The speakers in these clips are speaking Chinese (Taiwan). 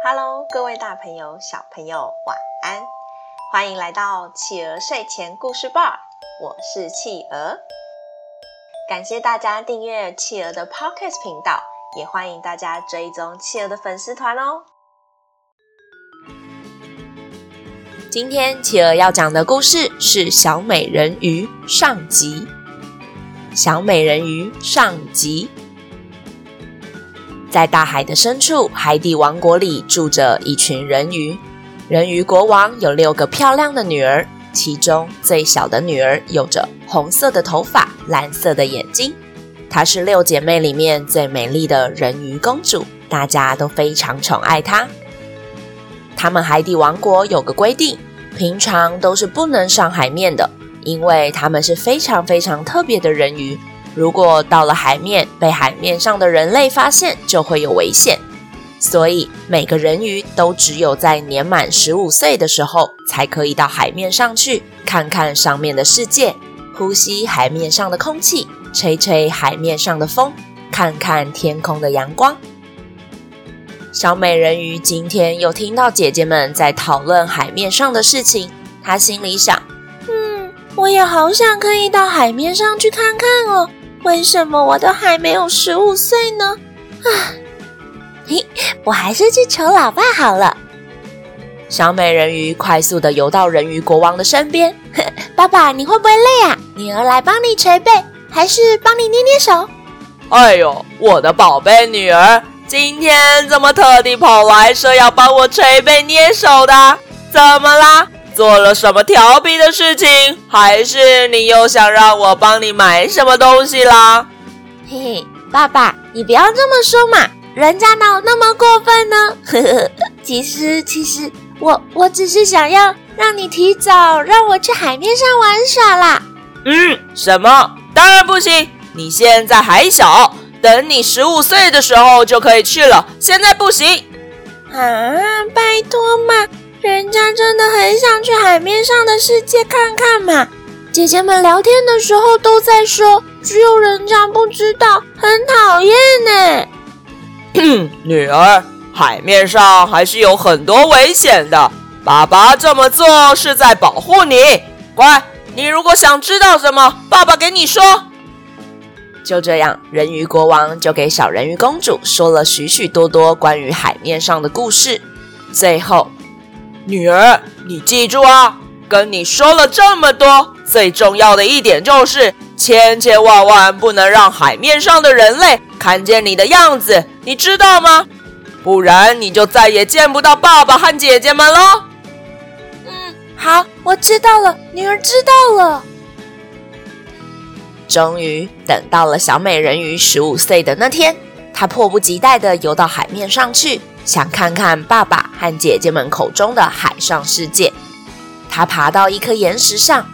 Hello，各位大朋友、小朋友，晚安！歡迎來到企鵝睡前故事吧，我是企鵝。感謝大家訂閱企鵝的 Podcast 頻道，也歡迎大家追蹤企鵝的粉絲團哦。今天企鵝要講的故事是小美人魚上《小美人魚》上集，《小美人魚》上集。在大海的深處，海底王國裡住着一群人魚。人魚國王有六個漂亮的女兒，其中最小的女兒有着紅色的頭髮、藍色的眼睛，她是六姐妹裡面最美麗的人魚公主，大家都非常寵愛她。他們海底王國有個規定，平常都是不能上海面的，因為她們是非常非常特別的人魚。如果到了海面被海面上的人類發現，就會有危險。所以每個人魚都只有在年滿十五歲的時候，才可以到海面上去看看上面的世界，呼吸海面上的空氣，吹吹海面上的風，看看天空的陽光。小美人魚今天又聽到姐姐們在討論海面上的事情，她心裡想：嗯，我也好想可以到海面上去看看哦。為什麼我都還沒有十五歲呢？唉，嘿，我還是去求老爸好了。小美人魚快速地游到人魚國王的身邊。 爸爸，你會不會累啊？女兒來幫你捶背，還是幫你捏捏手？哎喲，我的寶貝女兒，今天怎麼特地跑來說要幫我捶背捏手的？怎麼啦？做了什麼調皮的事情？還是你又想讓我幫你買什麼東西啦？嘿嘿，爸爸，你不要這麼說嘛，人家哪有那麼過分呢？呵呵，其實其實，我我只是想要讓你提早讓我去海面上玩耍啦。嗯，什麼？當然不行，你現在還小，等你十五歲的時候就可以去了，現在不行。啊，拜托嘛。人家真的很想去海面上的世界看看嘛！姐姐們聊天的時候都在說，只有人家不知道，很討厭呢、欸。 女兒，海面上還是有很多危險的。爸爸這麼做是在保護你。乖，你如果想知道什麼，爸爸給你說。就這樣，人魚國王就給小人魚公主說了許許多多關於海面上的故事。最後。女兒，你記住啊！跟你說了這麼多，最重要的一點就是，千千萬萬不能讓海面上的人類看見你的樣子，你知道嗎？不然你就再也見不到爸爸和姐姐們了。嗯，好，我知道了，女兒知道了。終於等到了小美人魚十五歲的那天，她迫不及待地游到海面上去。想看看爸爸和姐姐們口中的海上世界，他爬到一顆岩石上。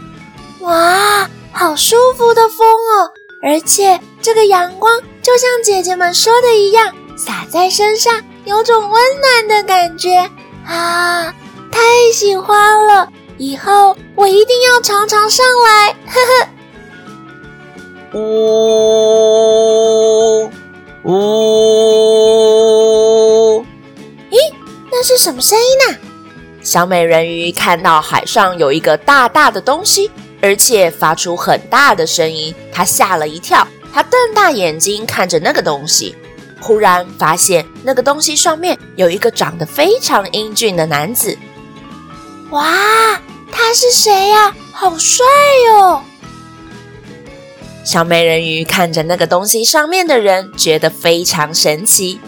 哇，好舒服的風哦！而且這個陽光就像姐姐們說的一樣，灑在身上有種溫暖的感覺。啊，太喜歡了！以後我一定要常常上來，呵呵。嗚嗚、嗯。嗯是什麼聲音呢？小美人魚看到海上有一個大大的東西，而且發出很大的聲音，她嚇了一跳。她瞪大眼睛看着那個東西，忽然發現那個東西上面有一個長得非常英俊的男子。哇，他是誰呀？好帥喲！小美人魚看着那個東西上面的人，覺得非常神奇。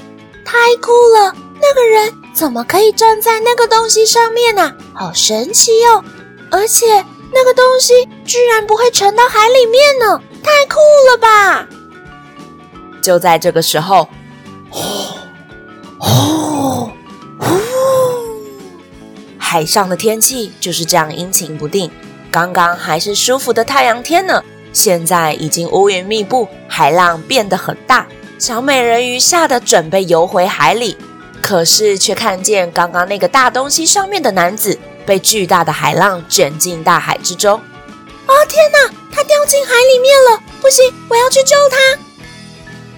太酷了，那個人。怎麼可以站在那個東西上面呢、啊？好神奇喲、哦！而且那個東西居然不會沉到海裡面呢，太酷了吧！就在這個時候，呼呼呼！海上的天氣就是這樣陰晴不定，剛剛還是舒服的太陽天呢，現在已經烏雲密布，海浪變得很大，小美人魚嚇得準備游回海裡。可是，卻看見剛剛那個大東西上面的男子被巨大的海浪捲進大海之中。哦，天哪，他掉進海裡面了！不行，我要去救他。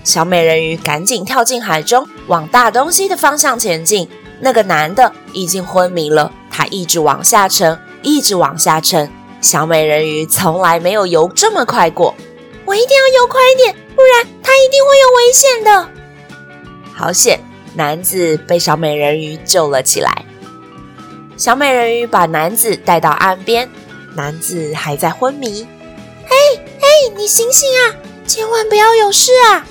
小美人魚趕緊跳進海中，往大東西的方向前進。那個男的已經昏迷了，他一直往下沉，一直往下沉。小美人魚從來沒有游這麼快過，我一定要游快一點，不然他一定會有危險的。好險！男子被小美人魚救了起來，小美人魚把男子帶到岸邊，男子還在昏迷。嘿，嘿，你醒醒啊！千萬不要有事啊！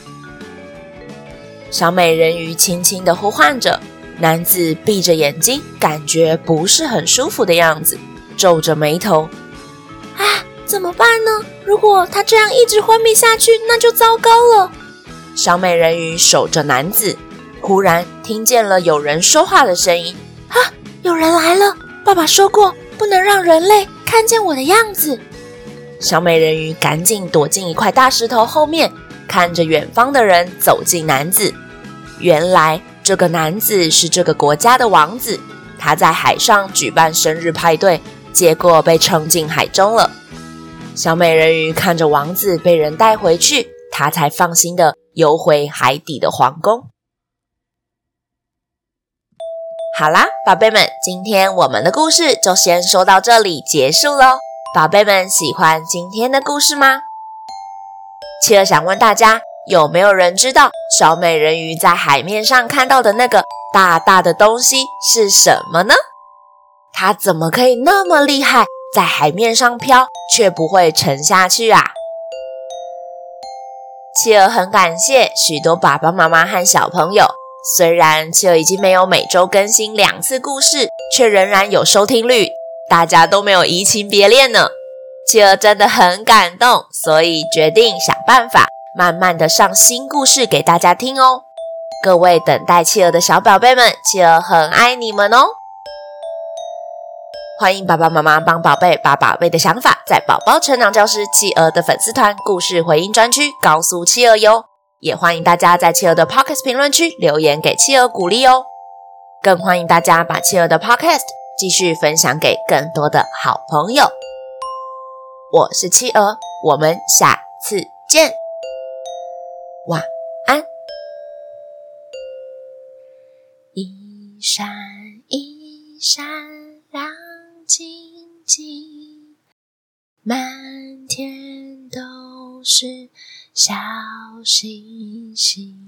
小美人魚輕輕的呼喚着，男子閉着眼睛，感覺不是很舒服的樣子，皺着眉頭。啊，怎麼辦呢？如果他這樣一直昏迷下去，那就糟糕了。小美人魚守着男子。忽然聽見了有人說話的聲音，啊！有人來了！爸爸說過不能讓人類看見我的樣子。小美人魚趕緊躲進一塊大石頭後面，看着遠方的人走近男子。原來，這個男子是這個國家的王子，他在海上舉辦生日派對，結果被衝進海中了。小美人魚看着王子被人帶回去，她才放心的游回海底的皇宮。好啦，寶貝們，今天我們的故事就先說到這裡結束嘍。寶貝們，喜歡今天的故事嗎？企鵝想問大家，有沒有人知道小美人魚在海面上看到的那個大大的東西是什麼呢？它怎麼可以那麼厲害，在海面上飄卻不會沉下去啊？企鵝很感謝許多爸爸媽媽和小朋友。雖然企鵝已經沒有每周更新兩次故事，卻仍然有收聽率，大家都沒有移情別戀呢。企鵝真的很感動，所以決定想辦法，慢慢的上新故事給大家聽哦。各位等待企鵝的小寶貝們，企鵝很愛你們哦。歡迎爸爸媽媽幫寶貝把寶貝的想法，在寶寶成長教室企鵝的粉絲團故事回應專區告訴企鵝喲。也歡迎大家在企鵝的 Podcast 評論區留言給企鵝鼓勵哦，更歡迎大家把企鵝的 Podcast 繼續分享給更多的好朋友。我是企鵝，我們下次見，晚安。一閃一閃亮晶晶，滿天都是小星星。